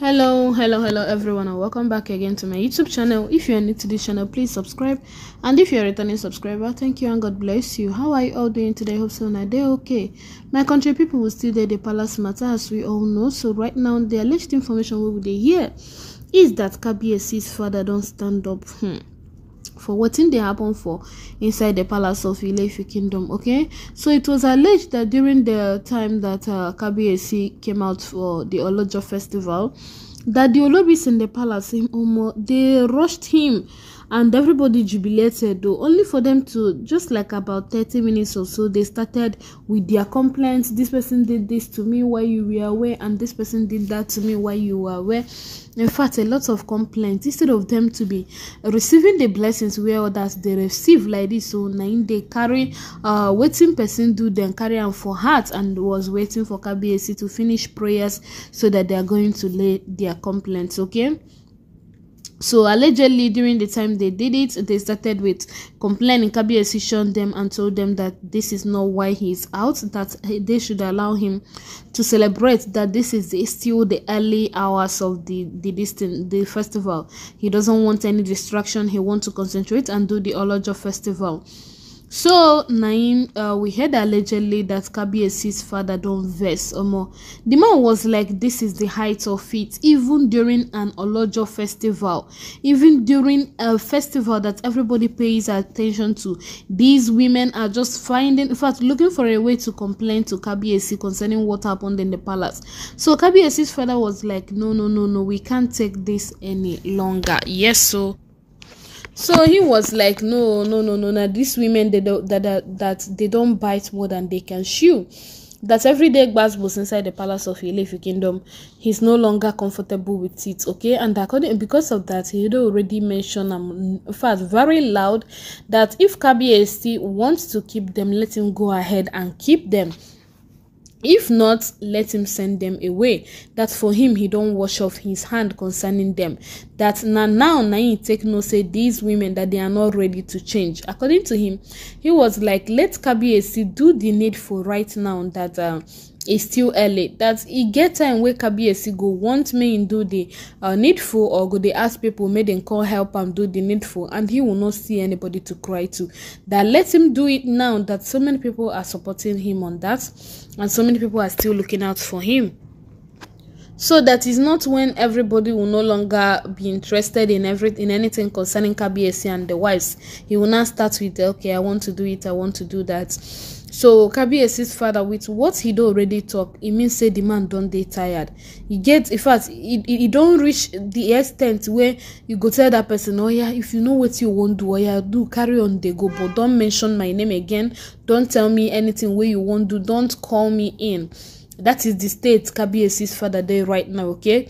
hello hello hello everyone and welcome back again to my youtube channel if you are new to this channel please subscribe and if you're a returning subscriber thank you and god bless you how are you all doing today hope so on they okay my country people will still there the palace matter as we all know so right now the alleged information we will hear is that kbsc's father don't stand up hmm for what thing they happen for inside the palace of Ilefi kingdom okay so it was alleged that during the time that uh, came out for the Olojo festival that the Olobis in the palace in Omo they rushed him and everybody jubilated though only for them to just like about 30 minutes or so they started with their complaints this person did this to me while you were away and this person did that to me while you were away in fact a lot of complaints instead of them to be receiving the blessings where others they receive like this so nine they carry uh waiting person do then carry on for heart and was waiting for kbac to finish prayers so that they are going to lay their complaints okay So allegedly during the time they did it, they started with complaining. KBS shunned them and told them that this is not why he is out, that they should allow him to celebrate that this is still the early hours of the the, distant, the festival. He doesn't want any distraction. He wants to concentrate and do the Olojo festival. so na him uh, we heard allegedly that kabiesi's father don vex omo the man was like this is the height of it even during an olojo festival even during a festival that everybody pays attention to these women are just finding in fact looking for a way to complain to kabiesi concerning what happened in the palace so kabiesi's father was like no no no no we can't take this any longer yes so so he was like no no no no na these women they don't, that, that that they don't bite more than they can chew that everyday Gbas was inside the palace of Ilefi kingdom he's no longer comfortable with it okay and according because of that Hilda already mentioned um, in fact very loud that if Kabiyesi wants to keep them let him go ahead and keep them if not let him send them away that for him he don't wash off his hand concerning them that na now na he take know say these women that they are not ready to change according to him he was like let kabiyesi do the needful right now that uh, is still early that e get time wey kabiyesi go want make im do di uh, needful or go dey ask pipo make dem come help am do di needful and he will not see anybody to cry to that let him do it now that so many people are supporting him on that and so many people are still looking out for him so that is not when everybody will no longer be interested in every in anything concerning KBSC and the wives. He will now start with okay, I want to do it, I want to do that. so kabiyesi's father with what he don already talk e mean say the man don dey tired e get in fact e e don reach the extent where you go tell that person oya oh, yeah, if you know wetin you wan do oya oh, yeah, do carry on dey go but don mention my name again don tell me anything wey you wan do don call me in that is the state kabiyesi's father dey right now okay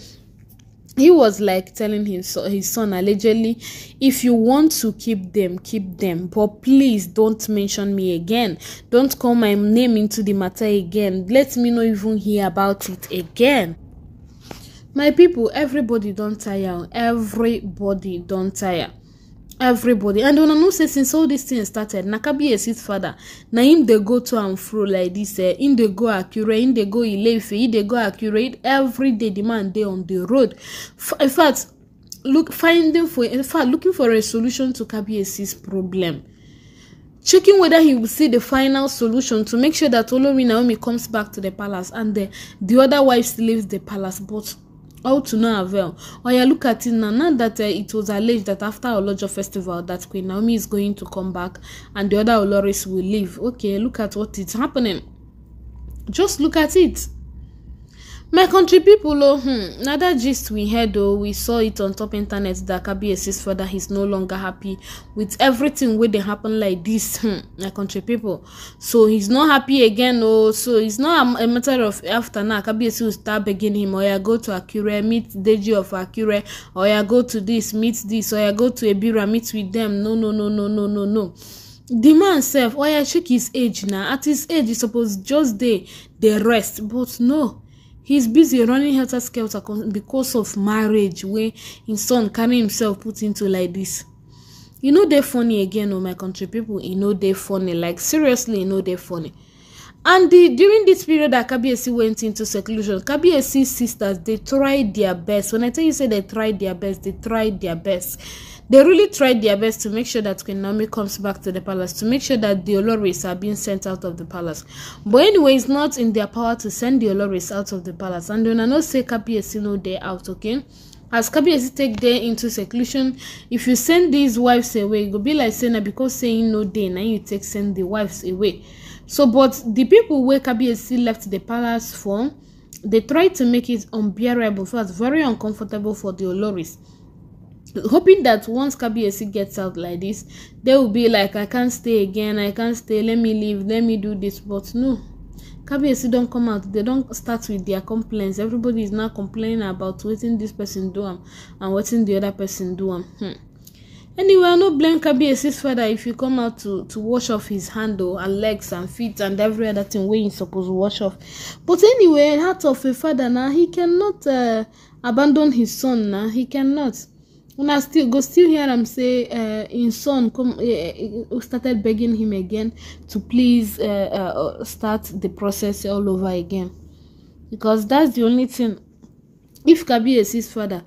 he was like telling his, his son allegedly if you want to keep them keep them but please don't mention me again don't call my name into the matter again let me not even hear about it again my people everybody don't tire everybody don't tire everybody and una know say since all dis thing started na kabiyesi's father na him dey go to and fro like this. eh him dey go akure him dey go ileife he dey go akure every day the man dey on the road F in fact look finding for in fact looking for a solution to kabiyesi's problem checking whether he will see the final solution to make sure that Olori Naomi comes back to the palace and the, the other wives leave the palace but all to no avail oya look at it now now that uh, it was alleged that after olojo festival that queen naomi is going to come back and the other oloris will leave okay look at what is happening just look at it my country people oh hmm, na that gist we heard oh we saw it on top internet that kabiyesi's father is no longer happy with everything wey dey happen like this hmm, my country people so he's not happy again oh so it's not a, a matter of after now kabiyesi will start begging him oya oh, go to akure meet deji of akure oya oh, go to this meet this oya oh, go to ebira meet with them no no no no no no no the man sef oya check his age na at his age he suppose just dey dey rest but no he's busy running helter skelter because of marriage wey him son carry himself put into like this e no dey funny again o oh my country people e no dey funny like seriously e no dey funny and the, during this period that kabiyesi went into seclusion kabiyesi sisters dey try their best when i tell you say they try their best they try their best they really tried their best to make sure that Queen Naomi comes back to the palace, to make sure that the Olores are being sent out of the palace. But anyway, it's not in their power to send the Olores out of the palace. And when I know say Kabiyesi no dey out, okay? As Kabiyesi take dey into seclusion, if you send these wives away, it go be like say na because saying no dey, na you take send the wives away so but the people wey kabiyesi left the palace for dey try to make it unbearable so as very uncomfortable for the oloris hoping that once kabiyesi gets out like this they will be like i can't stay again i can't stay let me leave let me do this but no kabiyesi don come out they don start with their complaints everybody is now complaining about wetin this person do am and wetin the other person do am hmm. Anyway, I no blame Kabiyesi's father if you come out to to wash off his handle and legs and feet and every other thing wey supposed suppose wash off. But anyway, heart of a father na he cannot uh, abandon his son na he cannot. una still go still hear am say uh, im son eh, eh, eh, started begging him again to please uh, uh, start the process all over again because that's the only thing if kabir father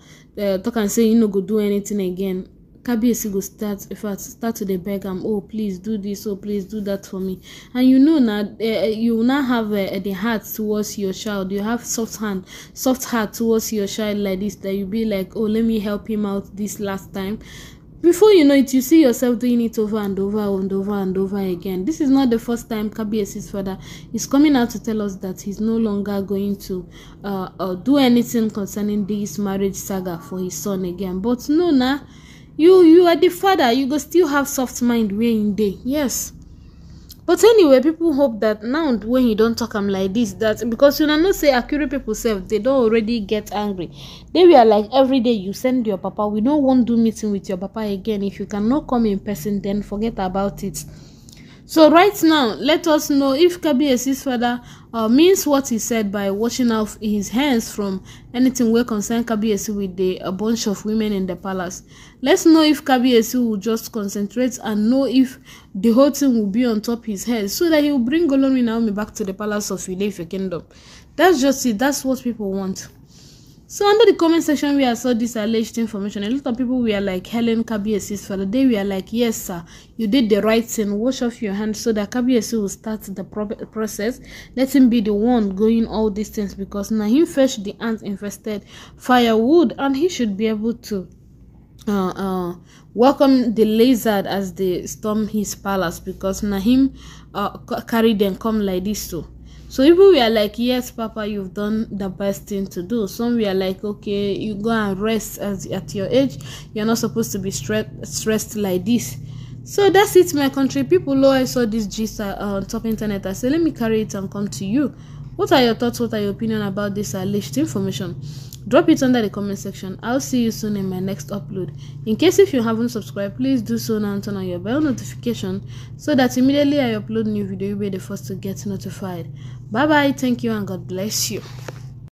talk am say "You no go do anything again kabiyesi go start if i start to the beg am oh please do this oh please do that for me and you know now, uh, eh, eh, you now have uh, the heart towards your child you have soft hand soft heart towards your child like this that you be like oh let me help him out this last time before you know it you see yourself doing it over and over and over and over again this is not the first time kbs's father is coming out to tell us that he's no longer going to uh, uh, do anything concerning this marriage saga for his son again but no na you you are the father you go still have soft mind where in day yes but anyway people hope that now when you don't talk am like this that because you know not say accurate people self they don't already get angry they were like every day you send your papa we don't want do meeting with your papa again if you cannot come in person then forget about it So right now, let us know if Kabiyesi's father uh, means what he said by washing off his hands from anything wey concern Kabiyesi with the a bunch of women in the palace. Let's know if Kabiyesi will just concentrate and know if the whole thing will be on top his head so that he will bring Olori Naomi back to the palace of ile kingdom. That's just it. That's what people want. So under the comment section we I saw this alleged information, a lot of people were like Helen for the day. We are like, yes sir, you did the right thing. Wash off your hands so that Kabiyesi will start the process. Let him be the one going all these things because now he fetched the ants infested firewood and he should be able to uh, uh, welcome the lizard as they storm his palace because Nahim uh, carried them come like this too. So even we are like, Yes, Papa, you've done the best thing to do. Some we are like, Okay, you go and rest as, at your age. You're not supposed to be stre- stressed like this. So that's it, my country people. Oh, I saw this gist uh, on top internet. I said, Let me carry it and come to you. What are your thoughts? What are your opinion about this alleged information? Drop it under the comment section. I'll see you soon in my next upload. In case if you haven't subscribed, please do so now and turn on your bell notification so that immediately I upload new video, you'll be the first to get notified. Bye bye, thank you and God bless you.